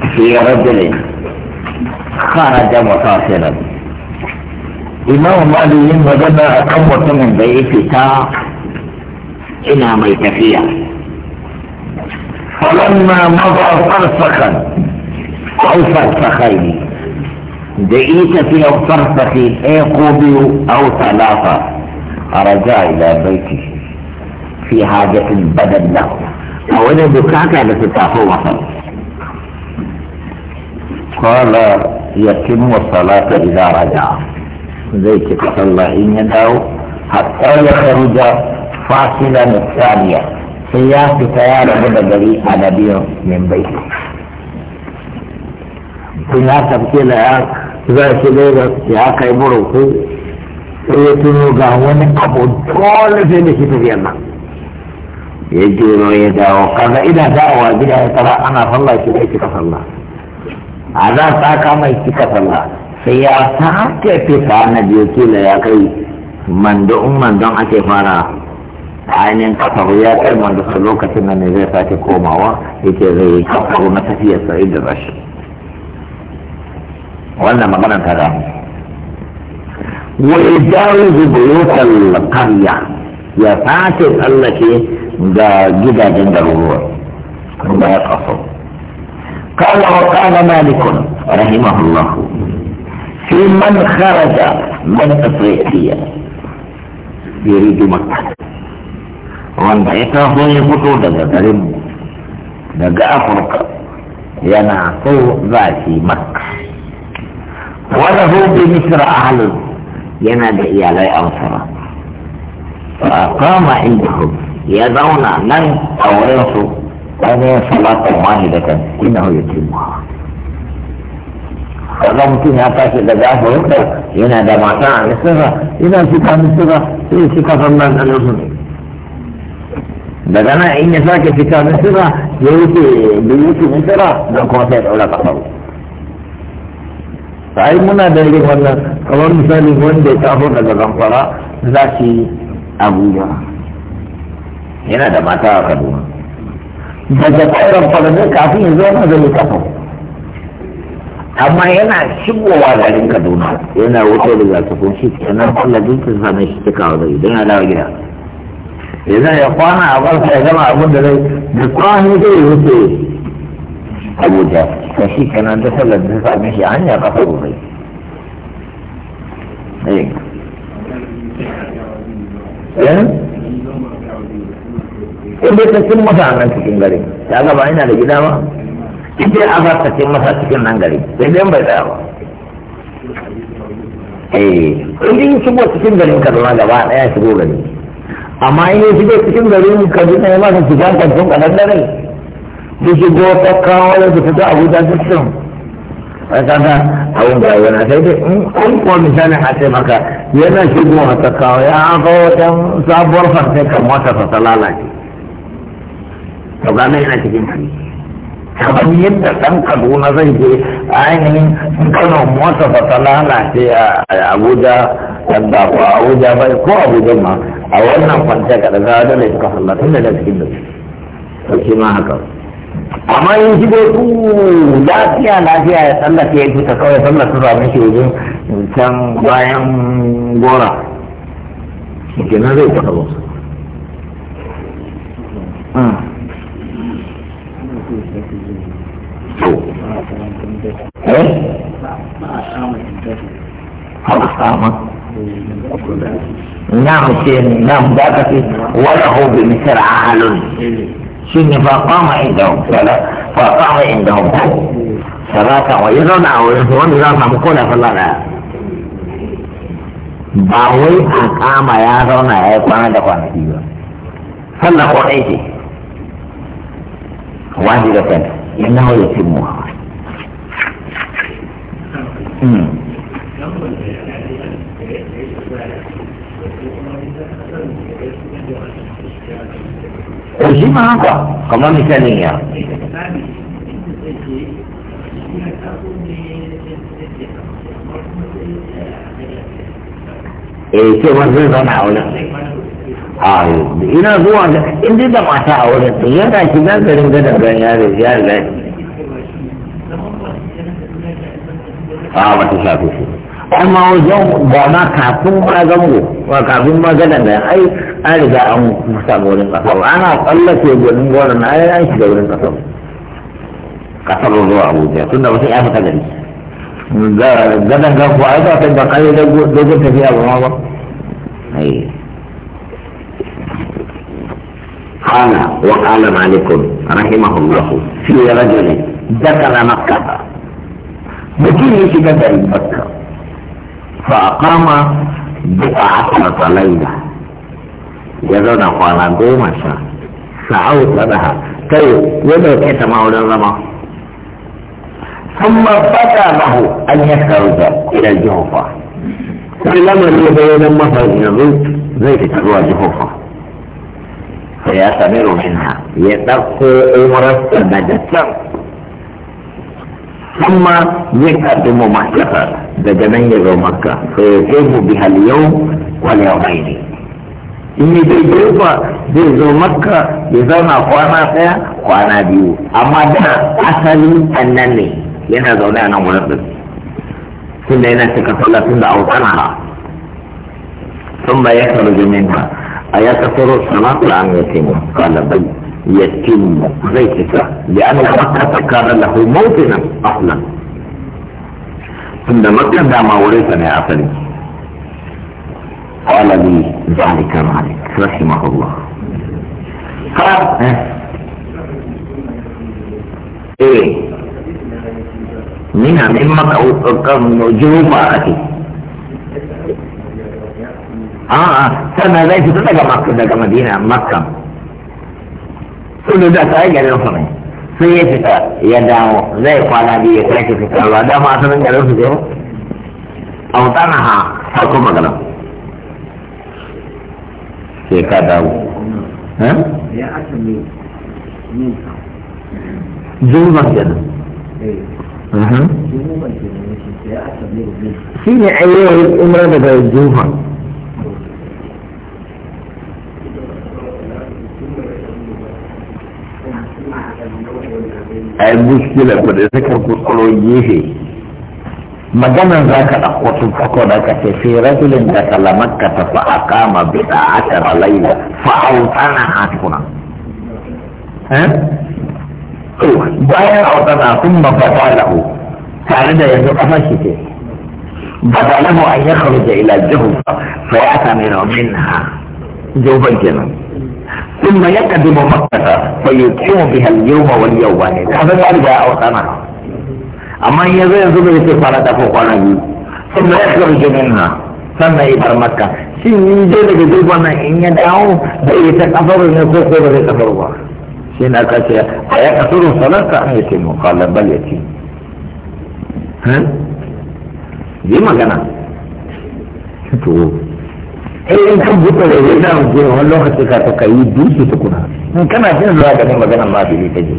في رجل خرج متاثرا إمام علي وجمع قوة من بيت تا إلى فيها فلما مضى فرسخا أو فرسخين دئيت في أو فرسخي قوبي أو ثلاثة رجع إلى بيتي في حاجة بدل له أولا دكاكا لتتافو وصل قال يتم الصلاة إذا رجع ذيك صلى إن يدعو حتى يخرج فاصلا الثانية سياسة تيار بدري على بير من بيته كنا تبكي لأك ذاك ليلة ياك يبروك ويتنو قهوني أبو طول في نشيط في الله يجيرو يدعو قال إذا دعوة بلا يترى أنا صلى في بيتك صلى a za a saka mai cika sallah sai ya sake fita na biyu kila ya kai mando'un mandon ake fara ainihin kasar ya kai mando lokacin nan ne zai sake komawa yake zai yi kafaru na tafiyar sa'i da wannan magana ta da wa idawu zubuyutal ya sake tsallake ga gidajen garuruwa kuma ya kafaru قال وقال مالك رحمه الله في من خرج من افريقيا يريد مكه وان بعثه في خطوطه تكلم نجا افرقا ينعقو ذات مكه وله بمصر اهل ينادى على انصره فاقام عندهم يدعون من او يصف ainihin ina wahidatan inna hu yutimmuha kaga mutum ya tashi da gafarinsa yana da mata a misira yana cika misira sai cika sannan da su daga nan in ya sake cika misira ya wuce bai wuce misira don kuma sai daura kasar sai muna da yin wannan kamar misali wanda ya taso daga zamfara za shi abuja yana da mata a kaduna daga ƙwarar farnin kafin yanzu yana zai kafa amma yana shigowa garin kaduna yana wuce da zakafin shi kenan Allah duk ta same shi cika wa zai don ya dawo gida yanzu ya kwana a barsa ya gama abin da zai da kwanu zai wuce abuja ta shi kenan ta sallar ta same shi hanya kafa zai yanzu. Eh. Eh? in dai cin masa a nan cikin gari ta gaba ina da gida ba in a ba ta cin masa cikin nan gari sai dai bai tsaya ba eh in dai shigo cikin garin kaduna gaba daya shigo gari amma in dai shigo cikin garin kaduna ya masa shiga kwanton kanan da rai da shigo ta kawo da ta ta abuja cikin kaga abun da yana sai dai in kun ko misali a ce maka yana shigo ta kawo ya kawo wata sabuwar farce kan wata ta lalace to yadda ɗan kaduna zai je ainihin kano mota ba ta lalace a abuja da ko abuja bai ko abuja ma a wannan kwanciya suka da cikin da su shi ma haka amma yin shi dai su lafiya lafiya ya tsallake ya fita kawai tsallake mai shi wajen can bayan gora kenan zai ba hmm. ايه نعم شين نعم ذاك وله بمثل عهل شين فقام عندهم فقام عندهم صلاة ويرون أو يرون إذا سمكون فلا ba wai a kama ya zauna ya yi kwana da kwanaki ba sallah kwanaki wani إنه يتمها shi ma haka kamar misalin ya eh ce wanzu a a ina zuwa inda da mata a wurin to yana shiga garin gadar yare ya a wata shafi shi amma ba ma kafin ma ba kafin ma gadar da ai an riga an musa wurin kasar ana tsallake gudun gwanin na ai an shiga wurin kasar kasar zuwa abuja tunda wasu ya fita gari gadar gafuwa ai ba kai ba kai gudun tafiya ba ma ba قال وقال مالك رحمه الله في رجل دخل مكة بكل شدة مكة فأقام بضعة ليلة يزن قال قوم فعود لها يدعو ولو ما أولى ثم بدا له أن يخرج إلى الجوفة فلما بين مصر يزول زي تروى جوفة فيعتبر منها يتبقى عمر بعد الشر ثم يقدم ما سفر بجميل مكة فيقوم بها اليوم واليومين إن تجربة بيزو مكة بيزونا قوانا فيها قوانا بيو أما دا أسالي أنني ينا زولي أنا مرضي ثم ينا تكتولة ثم أوطانها ثم يخرج منها أيكفر الصلاة أم يتم قال بل يتم بيتك لأن مكة كان له موطنا أصلا ثم مكة ما ورثني عقلي قال لي ذلك مالك رحمه الله قال ايه منها مما جوفا أتي a'a sannan zai fita daga makka daga madina makka sun da tsaye garin su ne sai ya fita ya dawo zai kwana biyu ya sake fita ba dama asalin garin su yau autana ha farko magana sai ka dawo eh? zunuban kenan eh. mhm. shi ne ayyuwar umar daga zunuban ai muskila ku da suka kuskuro gefe maganan za ka ɗauko sun fako da ka ce fi rajulin da salamakka ta fa'a kama bida a tara laila fa'autana a tukuna bayan autana sun mafata lahu tare da yanzu kafa shi ce bada lahu an ya kharuja ila jihu fa ya ta mai raumin ha jauban kenan ثم يقدم مكة فيقيم بها اليوم واليوم هذا ترجع جاء سنة أما يزيد زبر سفارة فوقنا ثم يخرج منها ثم يبر مكة شيء يجري وانا إن يدعو بإيسا كفر من الكفر بإيسا الله شين أكاسيا أيكثر صلاة أم يتم قال بل يتم ها دي ما مكانا شو eh in kan buɗe da zai na je wani lokaci ka to kai duki tukuna in kana jin zuwa ganin maganar ma bi ta je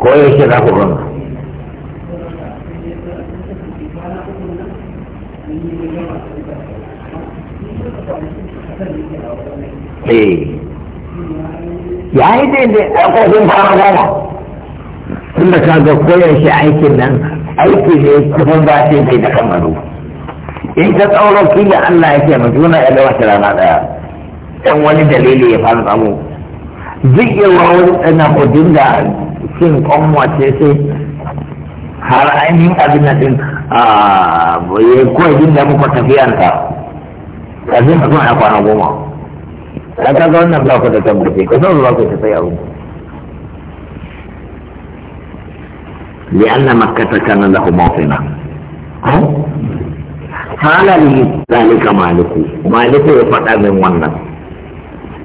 ko yake za ku gama eh ya a daidai fara gana ka ga koyar shi aikin nan aiki ne kusan ba sai bai da kamaru in ka tsaurar kila Allah ya ce ma juna ya da wata rana daya dan wani dalili ya fara samu duk yawa wani ɗana ko dinga cin ce sai har ainihin abin na ɗin a koyar da muka tafiyanta kafin a ya kwana goma da kaga wannan ba ku da tambaye ko sai ba ku ta sai abu li anna makkata kana lahu mawqina qala li zalika maliku maliku ya faɗa min wannan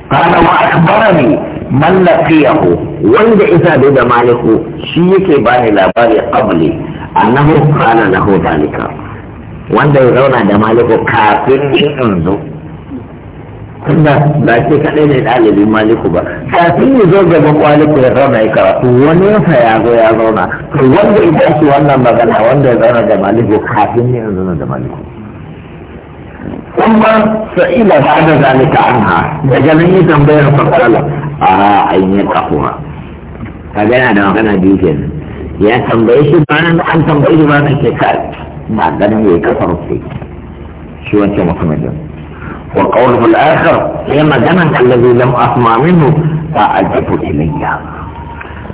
qala wa akbarani man laqiyahu wanda isa bai da maliku shi yake bani labari qabli annahu qala lahu zalika wanda ya zauna da maliku kafin in zuwa tunda ba ce kaɗai ne ɗalibin maliku ba kafin ya zo gaba maliku ya zauna ya karatu wani yasa ya zo ya zauna to wanda ya shi wannan magana wanda ya zauna da maliku kafin ne ya zauna da maliku kuma sa'ila ba da zalika an ha daga nan yi tambayar fasala a an yi kafuwa ka gana da magana biyu kenan ya tambaye shi ba nan an tambaye shi ba nan ke ka ba ganin ya yi kafar sai shi wancan mutumin وقوله الآخر لما جنك الذي لم أسمع منه فأجب إليه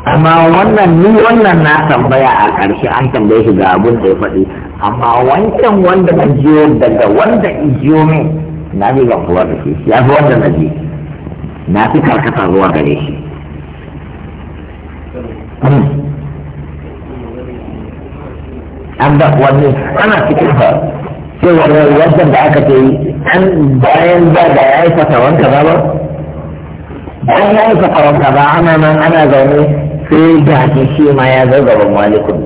amma wannan ni wannan na tambaya a ƙarshe an tambaye shi ga abin da ya faɗi amma wancan wanda na jiyo daga wanda jiyo min na ji gamsuwa da shi ya fi wanda na ji na fi karkata zuwa gare shi an da wani ana cikin Wannan wajen da aka ce an bayan ba da ya aikata wanka ba ba bayan ya aikata wanka ba ana nan ana zaune sai da shi ma ya zo gaban malikun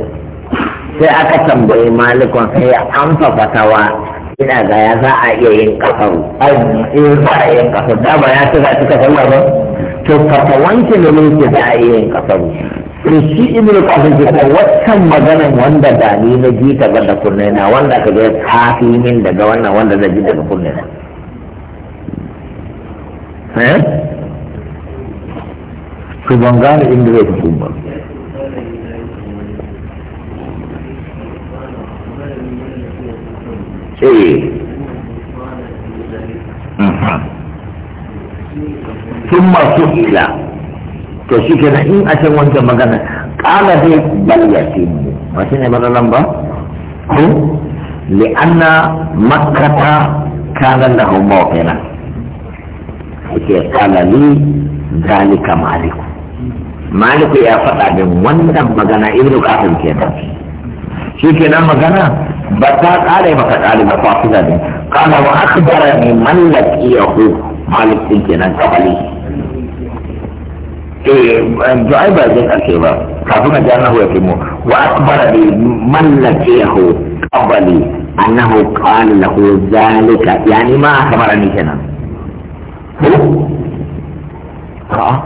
sai aka tambayi malikun sai ya amsa fatawa ina ga ya za a iya yin kafaru ai eh, za a yin kafaru da ba ya ce za a ci kafaru ba to fatawanki ne ne ke za a iya yin kafaru to shi ibnu qasim ke ta wannan maganan wanda da ni na ji ta ga kunne na wanda ka ga kafi min daga wannan wanda da ji daga kunne na eh to ban gane inda zai fito ba eh ثم mhm. سئل to shi ke in a can wancan magana ƙala dai balya ce ba shi ne matsalan ba ko li'anna makata kanan da hau mawakaina yake ƙala ni zalika maliku maliku ya faɗa min wannan magana ibnu qasim kenan shi kenan magana ba ta ƙare ba maka ƙare ba fafi ne ƙala wa akhbarani man laqiyahu malik kenan kabali ذعب إيه، ذلك الكبا كافونا جانا هو يتمو وأخبر بمن لكيه قبلي أنه قال له ذلك يعني ما أخبرني هنا هو ها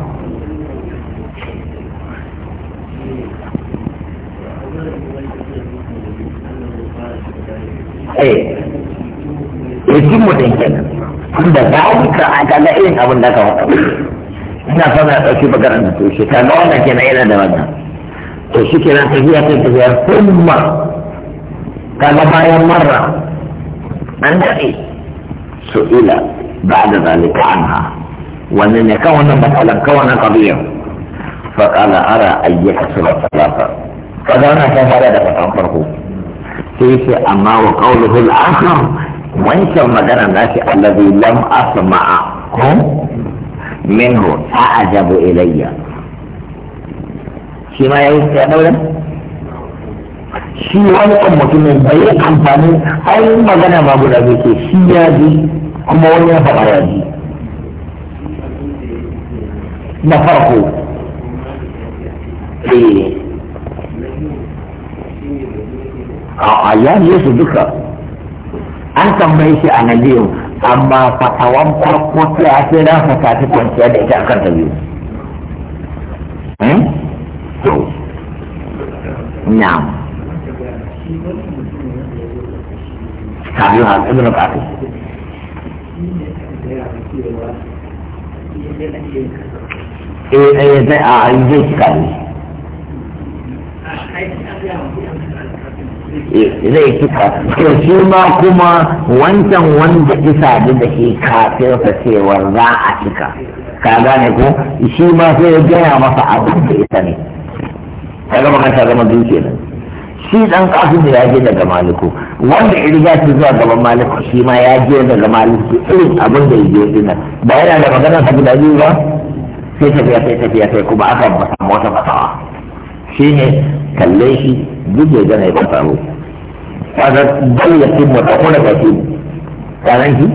ايه يتم ذلك عند ذلك عند لئين أبن ذلك ina fama ya ɗauki maganar da to shi ka ga wannan kenan yana da wannan to shi kenan tafiya ta tafiya kuma kaga bayan marra an daɗe su ila ba da zalika anha wannan ne kan wannan matsalar kan wannan kabiyar فقال أرى أن يكسر الثلاثة فدعنا كان هذا دفع أمره كيف أما وقوله Wancan وانكر nashi الناس الذي لم أسمعكم minhu a'jabu ilayya shi ma yayi ya daura shi wani kan mutumin bai yi amfani ai magana ma guda bai ke shi ya ji kuma wani ya faɗa ya ji na farko eh, a ya su duka an tambaye shi a nan biyu amma fatawan farko sai a ce na fata ta kwanciya da ita akan ta biyu hmm? na'am ha ibn qasim eh eh a yi zai cika to shi ma kuma wancan wanda isa da ke kafin sa cewar za a cika ka gane ko shi ma sai ya gaya masa abin da isa ne ka gama kan ta zama duke nan shi dan kafin ya je daga maliku wanda ya riga zuwa gaban maliku shi ma ya je daga maliku irin abin da ya je dinan ba yana da magana ta guda biyu ba sai tafiya sai tafiya sai kuma aka samu wata fasawa ne kalle shi guje gana ya fata mu kaga dal ya fi mu ta kuma ka fi kanan ki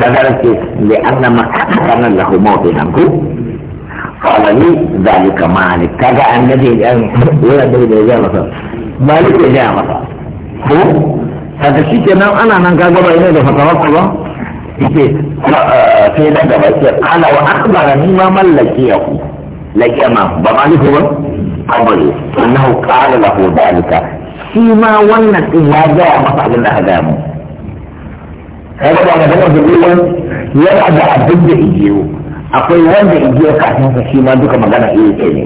kaga ke le anna ma kana lahu mawdinan ku qala li zalika malik kaga annabi an wala da da ya masa malik ya ya masa ko kaga shi kenan ana nan kaga bai ina da fatawa ba yake sai na gaba ke kala wa akbara ni ma mallaki yaku laƙiyama ba maliku ba inna hu qala lahu dalika shi ma wannan din ya gaya masa abin da aka mu kaga ba magana da ruwan yana da abin da igiyo akwai wanda igiyo kafin sa shi ma duka magana iya ce ne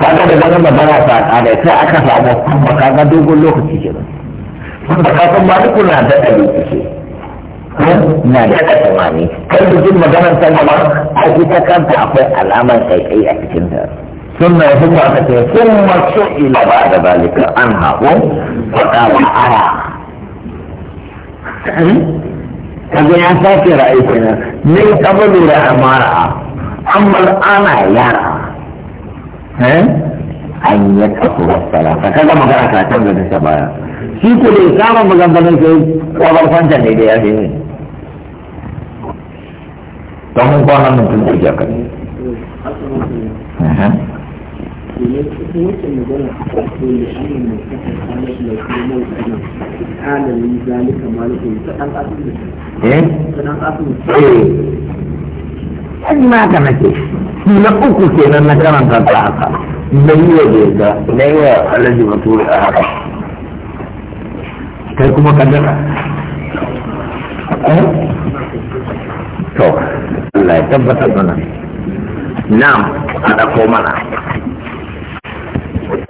kaga da ganin bara ta kada sai aka samu kuma kaga dogon lokaci kuma ka san ba duk na da dalili na da tsammani. tunani kai da jin maganar ma a ita kanta akwai alamar kai a cikin ta ثم يحب أن ثم سئل بعد ذلك عنها فقال أرى هذا يا ساتي رأيتنا من قبل رأى ما رأى أما الآن يرى أن يتقوا الصلاة كذا ما كان كاتم لدى الشباب في كل إسلام مجال بني وظرفان جنة دي أخي تمام قوانا من تنتجا كذلك domin cikin magana a ko ne shi ne mai kasar kwanar kuma mai zalika ta asibiti ta asibiti ma ka nake na uku kenan na karanta ta haka na yi wa da, na yi alaji bature a haka kai kuma kaddara eh? to Allah ya tabbatar mana na'am a ɗauko mana